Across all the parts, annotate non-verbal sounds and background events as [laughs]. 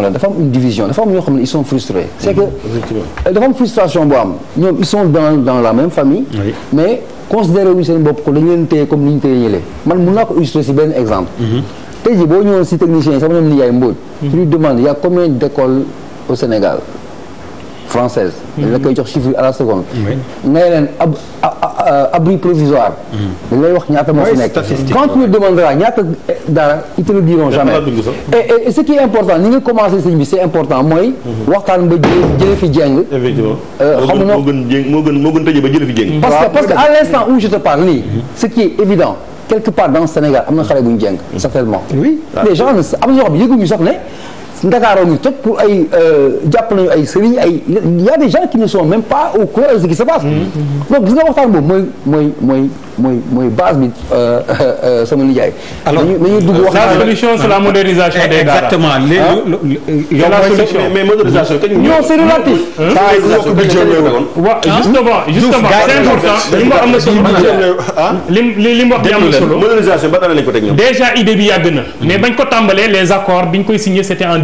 la dafa une division dafa am ñoo xam ne ils c'est que euh, dafa frustration bu am ñoom dans la même famille mais considéré wuñu seen bopp ko dañu leen téye comme ni ñu téye ñële man mun naa ko illustrer si benn exemple mhm. tey jii boo si technicien yi y a combien d'écoles au Sénégal française mhm. dañ la koy jox chiffre à la seconde ngay abri provisoire mhm. dañ wax ñaata moo fi nekk quand tu le demanderas ñaata dara ils te le diront jamais et, ce qui est important ni nga commencé sëñ bi c'est important mooy mhm. waxtaan ba euh, moo gën moo ba jële jeng parce que à l'instant où je te parle nii ce qui est évident quelque part dans le Sénégal am na xale bu ñu jeng certainement oui les gens am na ñoo xam ne yëguñu sax Ndakaaroo ngi toj pour ay euh, jàpp nañu ay sëriñ ay y a des gens qui ne sont même pas au courant de ce qui se passe. Mm-hmm. donc gis nga waxtaan boobu mooy mooy mooy mooy mooy base bi euh, euh, sama nijaay. alors nañu dugg waxtaan la solution c'est la ah. modernisation des daara exactement léegi. Ah. yow la solution mais modernisation. non c'est relatif. waaw ah. justement justement c'est important li mu wax am na solo li li mu wax bi am na solo. modernisation ba daan nañu ko teg ñoom. déjà idée bi yàgg na. mais bañ ko tàmbalee les accords biñ koy signé c'était en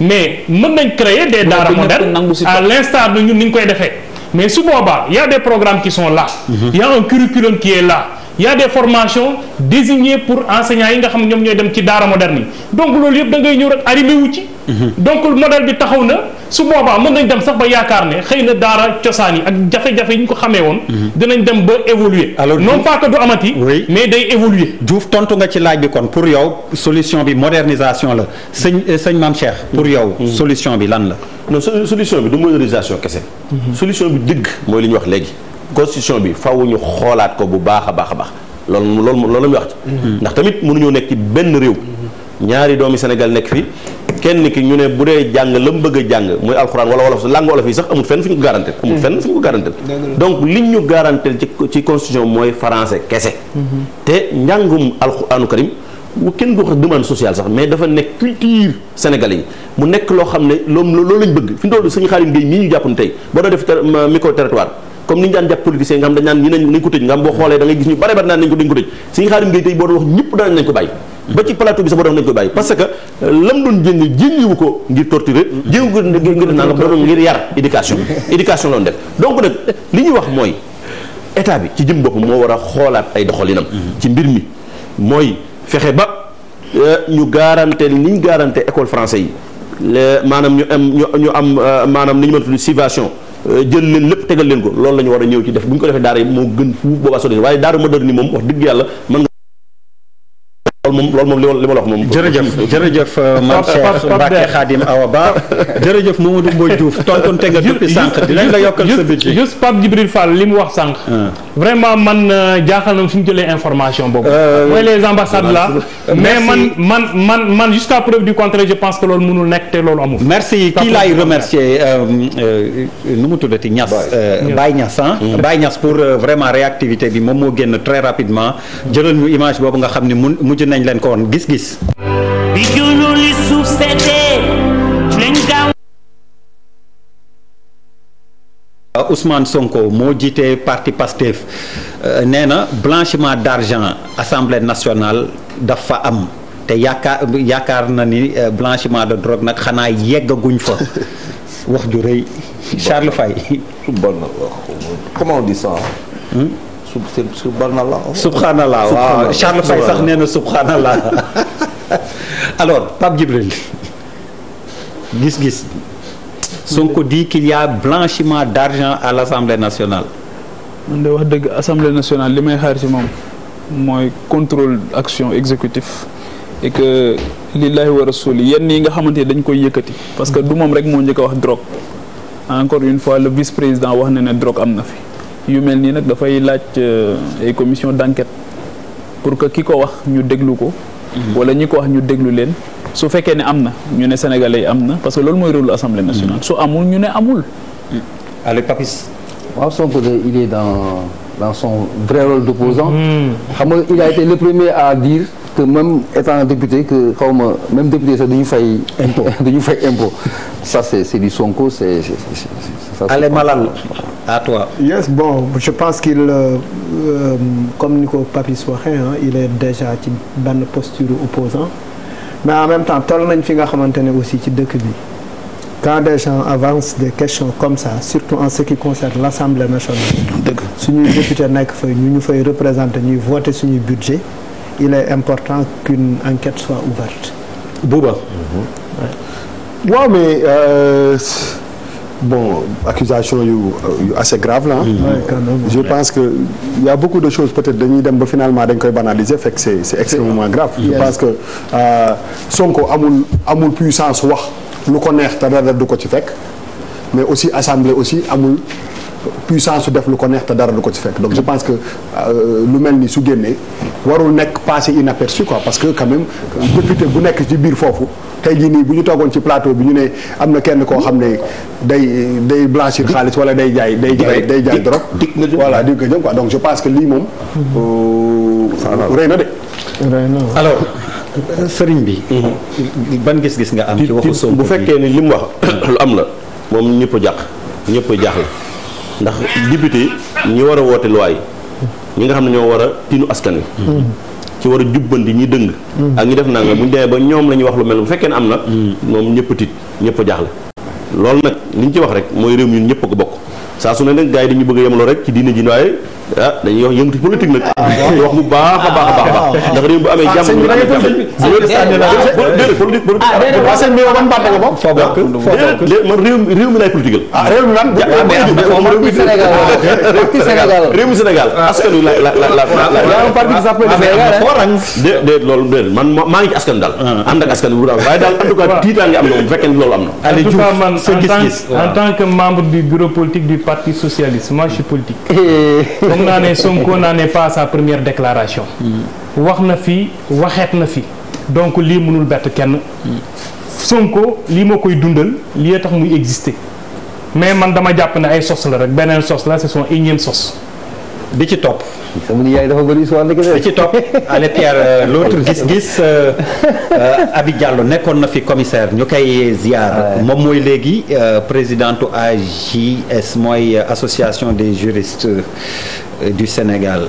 mais mën nañ créer des daara modernes à l'instar de ñun ni ñu koy defee mais su boobaa y a des programmes qui sont là. Mhm. y a un curriculum qui là. y a des formations pour enseignants yi nga xam ñoom ñooy dem ci daara moderne yi donc loolu yëpp dangay ngay ñëw rek arrivé wu ci. Mhm. donc modèle bi taxaw na su boobaa mën nañ dem sax ba yaakaar ne xëy na daara cosaan yi ak jafe-jafe yi ñu ko xamee woon. Mhm. dinañ dem ba évoluer. alors non pas que du amati. oui mais day évoluer. Diouf tontu nga ci laaj bi kon pour yow solution bi modernisation la sëñ eh, sëñ Mame Cheikh. pour yow mhm. solution bi lan la. non solution bi du modernisation kese. solution bi dëgg mooy li ñu wax léegi. constitution bi faaw ñu xoolaat ko bu baax a baax a baax loolu loolu loolu muy wax mm-hmm. ndax tamit mënuñoo nekk ci benn réew. Mm-hmm. ñaari doomi Sénégal nekk fi kenn ki ñu ne bu dee jàng la mu bëgg a jàng muy alxuraan wala wolof langue wolof sax amul fenn fu ñu ko garantel amul mm-hmm. fenn fu ñu ko garantel donc li ñu garantel ci ci constitution mooy français kese te njàngum alxuraanu karim kenn du wax demande sociale sax mais dafa nekk culture sénégalais yi mu nekk loo xam ne loom loolu lañ bëgg fi mu toll suñu xaalis ngay ñu jàpp ne tey boo doon def micro comme ni ñu daan jàpp politicien nga xam dañ naan ñi nañ nañ ko tëj nga xam boo xoolee da ngay gis ñu bare bare naan nañ ko li ñuy wax mooy état bi ci jëm boppam moo war a xoolaat ay doxalinam mm-hmm. ci mbir mi mooy fexe ba euh, ñu garanté ni ñu garanté école français yi maanaam ñu am ñu am euh, maanaam li ñu mën tudd situation jël leen lépp tegal leen ko loolu la ñu war a ñëw ci def bu ñu ko defee daara yi moo gën fuuf boobaa sori waaye daara moderne ni moom wax dëgg yàlla loolu moom li ma la wax moom. jërëjëf jërëjëf euh, Mame Cheikh Mbacke Khadim Awa Ba [laughs] jërëjëf Mamadou Mboy Diouf tontonte nga depuis sànq la yokkal sa budget juste Pape Djibril Fall mu wax sànq. Ah. man euh, jaaxal na fi ñu jëlee information boobu. Euh, mooy les ambassades là. mais man man man man preuve du contraire je pense que loolu mënul nekk te loolu amul. merci kii laay remercier nu mu tuddati Niass. Baye Niass ah. Baye Niass pour vraiment réactivité bi moom moo génn très rapidement. jëlal ñu image boobu nga xam ne mujj na nañ leen ko gis-gis. bi euh, Sonko moo jiite partie PASTEF euh, nee na blanchiment d'argent assemblée nationale dafa am te yaakaar yaakaar na ni euh, blanchiment de drogue nag xanaa yeggaguñ fa wax ju rëy Charles Faye. sub subhanallah. waaw Charles Faye sax nee na subhanallah [laughs] alors Pape gis-gis. Sonko dit qu'il y a blanchiment d'argent à l'Assemblée nationale. man de wax dëgg Assemblée nationale li may xaar ci moom mooy contrôle action exécutif et que lillahi wa rasul yenn yi nga xamante ne dañ koy yëkkati. parce que du moom rek moo njëkk a wax drogue encore une fois le vice président wax na ne drogue am na fi. yu mel nii nag dafay laaj euh, ay commission d'enquête pour que ki ko wax ñu déglu ko mhm. wala ñi ko wax ñu déglu leen su fekkee ne am na ñu ne sénégalais yi am na parce que loolu mooy rôle assemblée nationale mhm. su amul ñu ne amul mhm. ale Papis waaw Sonko de il est dans son vrai rôle d'opposant xam nga il a été le premier à dire que même étant député que xaw même député sax dañu fay impôt [laughs] dañu fay impôt ça c'est c'est du Sonko c'est allez Malal à toi. yes bon je pense qu'il euh, euh comme ni ko Papis waxee il est déjà ci benn posture opposant mais en même temps toll nañ fi nga xamante ne aussi ci dëkk bi quand des gens avancent des questions comme ça surtout en ce qui concerne l'Assemblée nationale. dëgg suñuy député nekk fay ñu ñu fay représenter ñuy voter suñuy budget il est important qu'une enquête soit ouverte. Bouba. Euh, bon accusation yu yu assez grave là je pense que ya a beaucoup de choses peut-être dañuy dem ba finalement dañ koy banaliser fekk c'est c'est extrêmement grave je pense que euh, Sonko amul amul puissance wax lu ko neex te du ko ci fekk mais aussi assemblée aussi amul puissance su def lu ko neex te dara du ko ci fekk donc je pense que euh, lu mel ni su génnee warul nekk passé inaperçu quoi parce que quand même député bu nekk ci biir foofu tey jii nii bu ñu toogoon ci plateau bi ñu ne am na kenn koo xam ne day day blanchir xaalis wala day jaay day jaay day jaay drogue voilà dig nga jëm quoi donc je pense que lii moom mm-hmm. euh, rëy na de alors euh, sëriñ bi mm-hmm. ban gis-gis nga am ci waxu Sonko bu fekkee ni li mu wax [coughs] lu am la moom ñëpp a jàq ñëpp a jaaxle ndax député ñi war a woote loi ñi nga xam ne ñoo war a tinu askan wi ci war a jubbanti ñi dëng ak ñi def naa nga bu demee ba ñoom la ñuy wax lu mel bu fekkee ne am na moom ñëpp tiit ñëpp a jaaxle loolu nag li ñu ci wax rek mooy réew mi ñun ñëpp a ko bokk saa su ne nag gars yi ñu bëgg a rek ci diine ji waaye ah dañuy wax yëngatu politique nag. Ah, wax bu baax a baax a baax. Ah, ndax réew bu amee ah, jàmm ñu maa ngi ci askan daal. ànd ak askan wu daal waaye daal en tout am na bu fekkee loolu am na. sa gis-gis en tant que membre du bureau politique du parti socialiste moi je suis foog naa ne Sonko naa ne pas sa première déclaration. wax na fi waxeet na fi donc lii mënul bett kenn. Sonko lii ma koy dundal lii tax muy exister mais man dama jàpp ne ay sos la rek beneen sos la c'est son énième sos. bi ci topp. sama nijaay dafa bëri histoire bi ci topp allez Pierre euh, [laughs] l'autre gis-gis Abi euh, euh, Diallo nekkoon na fi commissaire ñu koy ziar. moom mooy léegi présidentu AJS mooy association des juristes du Sénégal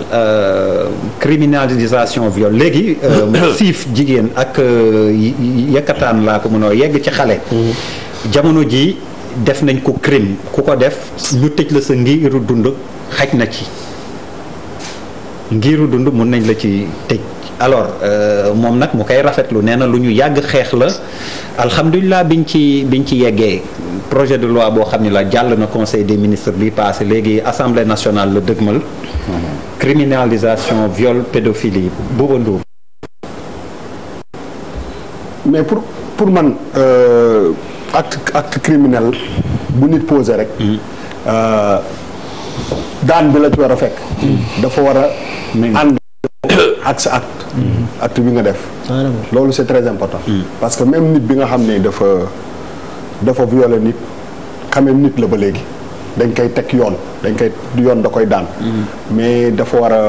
criminalisation viol léegi. [coughs] siif jigéen ak yëkkataan laa ko mënoo yegg ci xale. Mm-hmm. jamono ji def nañ ko crime ku ko def ñu tëj la sa ngiru dund xaj na ci. ngiru dund mun nañ la ci tëj alors euh, moom nag mu koy rafetlu nee na lu ñu yàgg xeex la alhamdulilah biñ ci biñ ci yeggee projet de loi boo xam ne la jàll na conseil des ministres bi passé léegi assemblée nationale la dëgmal criminalisation viole pédophilie Bouba Ndour mais pour pour man euh, acte acte criminel bu nit posé rek mm-hmm. euh, daan bi la ci war a fekk hmm. dafa war a ànd ak sa acte hmm. acte bi nga def loolu c'est très important hmm. parce que même nit bi nga xam ne dafa dafa violé nit quand nit la ba léegi dañ koy teg yoon dañ koy yoon da koy daan mais dafa war a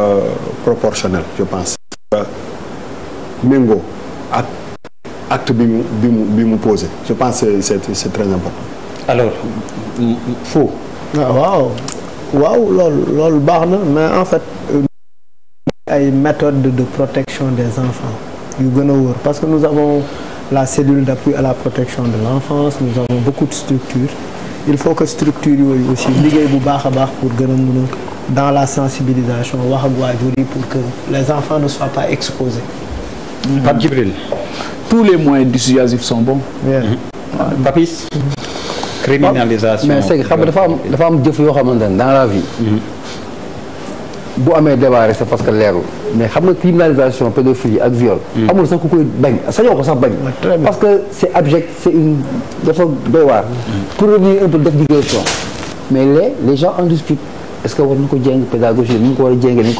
proportionnel je pense euh, méngoo ak acte bi mu bi mu bi mu posé je pense c'est c'est très important alors waaw loolu loolu baax na mais en fait ay méthode de protection des enfants yu gën a wóor parce que nous avons la cellule d'appui à la protection de l'enfance nous avons beaucoup de structures il faut que structure yooyu aussi liggéey bu baax a baax pour gën a mën dans la sensibilisation wax ak waajur pour que les enfants ne soient pas exposés Pape tous les moyens dissuasifs sont bons Papis criminalisation mais c'est xam nga dafa am dafa am jëf yoo xamante ne dans la vie. bu amee débat rek parce que leerul mais xam nga criminalisation pédophilie ak viol. amul sax ku koy ko sax bañ. parce que c'est abject c'est une dafa doy waar. pour revenir un peu def mais les gens en discutent. est que war na ko jéng pédagogie bi ni mu a jéngee ni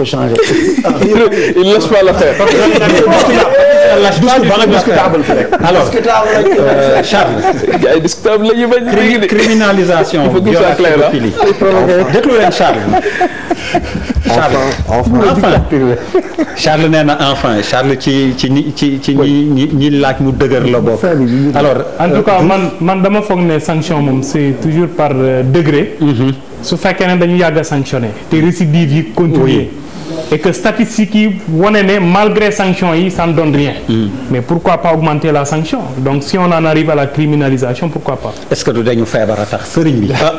mu [laughs] euh, Charles. gars yi la ñu bañ. Charles. nee na enfin Charles ci ci ñi ci ci ñi ñi laaj mu dëgër la bokk. alors en tout cas euh, man man dama foog ne sanction moom c'est toujours par euh, degré. Mm-hmm. su fekkee ne dañu yàgg a sanctionné te récidive yi continuer et que statistiques yi wane ne malgré sanctions yi ça ne donne rien mm. mais pourquoi pas augmenter la sanction donc si on en arrive à la criminalisation pourquoi pas est-ce que du dañu feebar a tax sëriñ bi ah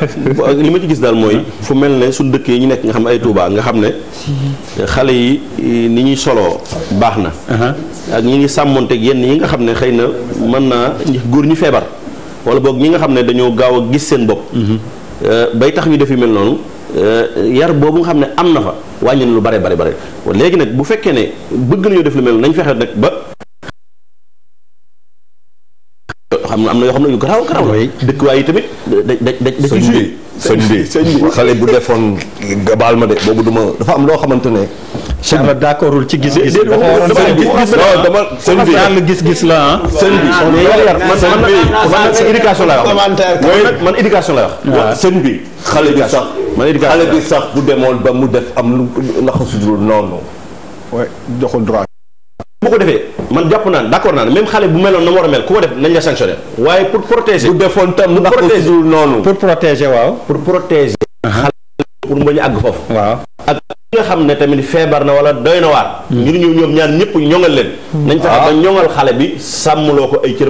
euh, li ma ci gis daal mooy ah. fu mel ne suñ dëkkee ñu nekk nga xam ay Touba nga xam ne xale yi euh, ni ñuy solo baax na ak ñi ngi sàmmonteeg yenn yi nga xam ne xëy na mën naa góor ñu feebar wala boog ñi nga xam ne dañoo gaaw a gis seen bopp mm-hmm. Euh, bay tax ñu def yu mel noonu euh, yar boobu nga xam ne am na fa wàññi na lu bare bare bare léegi nag bu fekkee ne bëgg nañoo def lu mel nañ fexe nag ba xam na am na yoo xam ne yu garaaw garaaw la dëkkuwaay yi tamit da da da ciy joué sëñ bi sëñ bi xale bu defoon baal ma de boobu duma dafa am loo xamante ne sëñ bi d'accordul ci gis-gis. dafa waroon sëñ bi dama sëñ bi daal gis-gis la ah. sëñ bi yar yar man man éducation la wax. man éducation la wax. sëñ bi xale bi sax. man éducation xale bi sax bu demoon ba mu def am lu naka su dul noonu. waaye joxul droit. bu ko defee man jàpp naa d'accord naa même xale bu meloon na war a mel ku ko def nañ la sanctionné waaye pour protéger. bu defoon tam ndax ko noonu. pour protéger waaw. pour protéger. xale pour mu bañ àgg foofu. waaw ak ki nga xam ne tamit feebar na wala doy na waar. Hmm. ngir ñëw ñoom ñaan ñëpp ñoŋal leen. Hmm. nañ fexe ba ah. ñoŋal xale bi sàmmloo ko ay cër.